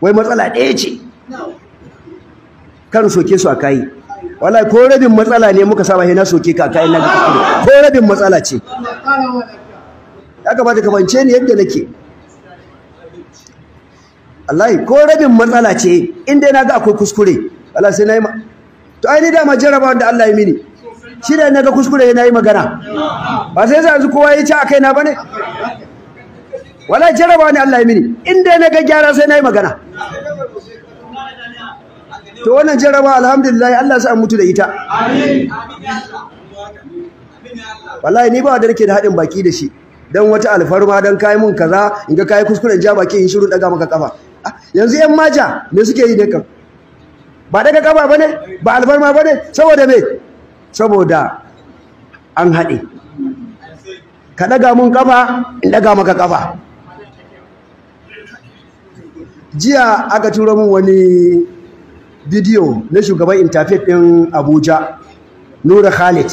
wai matsala ɗaya ce kan soke su a kayi Wala ko rabin matsala ne muka saba hina soke ka kayan nan ko rabin matsala ce ya kamata ka bance ni yadda nake wallahi ko rabin matsala ce in dai ga akwai kuskure wallahi sai nayi to ai ni da ma jaraba wanda Allah ya mini shi da ga kuskure na yi magana ba sai yanzu kowa ya ci a kaina ne? wala jaraba ne Allah ya mini in dai na ga gyara sai na yi magana to wannan jaraba alhamdulillah Allah sa mutu da ita wallahi ni ba da nake da haɗin baki da shi dan wata alfarma dan kai mun kaza in ga kai kuskuren ja baki in shiru daga maka kafa ah, yanzu yan maja me suke yi ne kan ba daga kafa bane ba alfarma bane saboda me saboda an haɗe ka daga mun kafa in daga maka kafa jiya aka turo min wani bidiyo na shugaban interfaith ɗin abuja nura khalid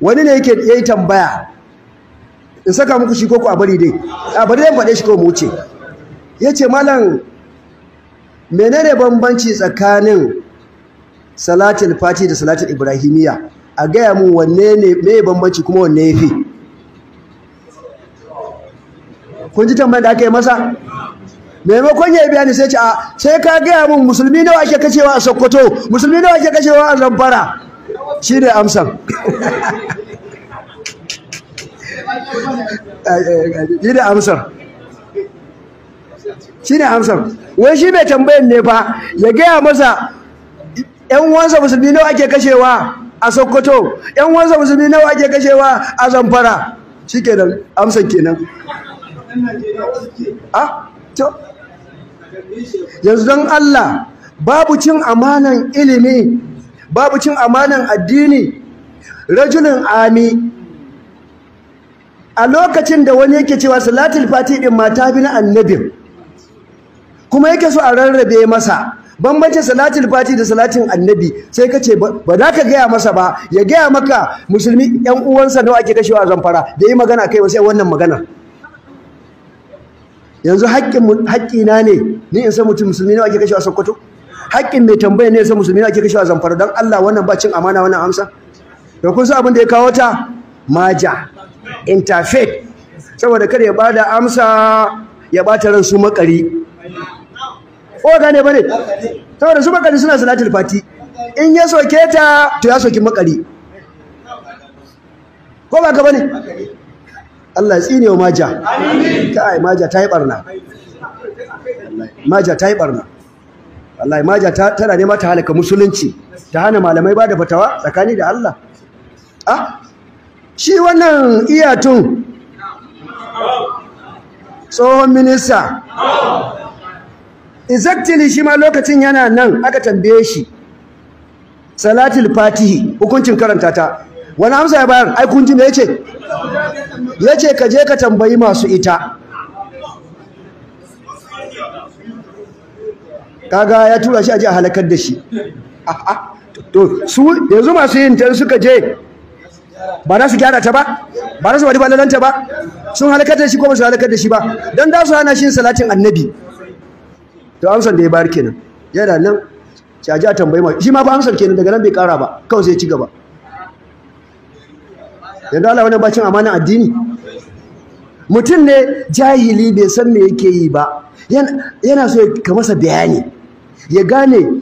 wani ne yake yayi tambaya in saka muku shi koko a bari dai a bari dai faɗe shi ko mu wuce yace malam menene bambanci tsakanin Salatin fati da Salatin ibrahimiya a gaya mun wanne ne me bambanci kuma wanne yafi kun ji tambayar da aka yi masa maimakon ya yi bayani sai ce a sai ka gaya min musulmi nawa ake kashewa a sokoto musulmi nawa ake kashewa a zamfara shi ne amsan shi ne amsan shi ne amsan wai shi mai tambayin ne fa ya gaya masa yan uwansa musulmi nawa ake kashewa a sokoto yan uwansa musulmi nawa ake kashewa a zamfara shi kenan amsan kenan a ah, yanzu don Allah babu cin amanan ilimi babu cin amanan addini rajulun ami a lokacin da wani yake cewa salatul fati din mata bi na annabin kuma yake so a rarrabe masa bambance salatul fati da salatin annabi sai ka ce ba za ka gaya masa ba ya gaya maka musulmi yan uwansa nawa ake kashewa zamfara da yi magana kai sai wannan magana yanzu haƙƙin na ne ni in san mutum musulmi ne ake kashewa Sokoto haƙƙin mai tambaya ne in san musulmi ne ake kashewa Zamfara don Allah wannan ba cin amana wannan amsa to kun san abin da ya kawo ta maja interfaith saboda kada ya bada amsa ya bata ran su makari ko gane bane saboda su makari suna salatul fati in ya soke ta to ya soki makari ko ba ka bane Allah ya tsine wa maja kai maja ta yi barna maja ta yi barna wallahi maja tana nema ta halaka musulunci ta hana malamai ba da fatawa tsakani da Allah ah shi wannan iyatun tsohon minista exactly shi ma lokacin yana nan aka tambaye shi salatul fatihi hukuncin karanta ta wani amsa ya bayar ai kun ji me ya ce ka je ka tambayi masu ita kaga ya tura shi a ji a halakar da shi to su yanzu masu yin tan suka je ba na su gyara ta ba ba na su wadi balalanta ba sun halakar da shi ko masu halakar da shi ba Don da su hana shi salatin annabi to amsar da ya bayar kenan yana nan caji a tambayi ma shi ma ba amsar kenan daga nan bai kara ba kawai sai ci gaba yanzu Allah wani bacin amana addini mutum ne jahili bai san me yake yi ba yana so ka masa bayani ya gane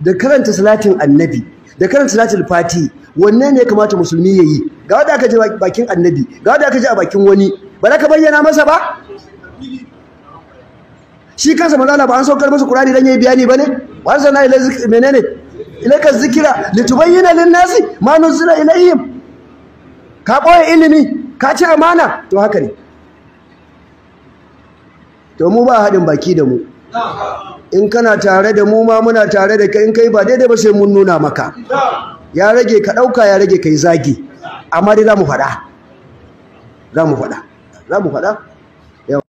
da karanta salatin annabi da karanta salatin fati wanne ne kamata musulmi ya yi ga wadda aka je bakin annabi ga wadda aka je a bakin wani ba za ka bayyana masa ba shi kansa manzo Allah ba an saukar masa Qur'ani dan yayi bayani bane wa anzalna ilayka menene ilayka zikra litubayyana lin-nasi ma nuzila ilayhim ka ɓoye ilimi ka ci amana to haka ne to mu ba haɗin baki da mu in kana tare da mu ma muna tare da ka, in kai ba daidai ba sai mun nuna maka ya rage ka ɗauka ya rage ka yi zagi amma dai za mu faɗa za mu faɗa za mu faɗa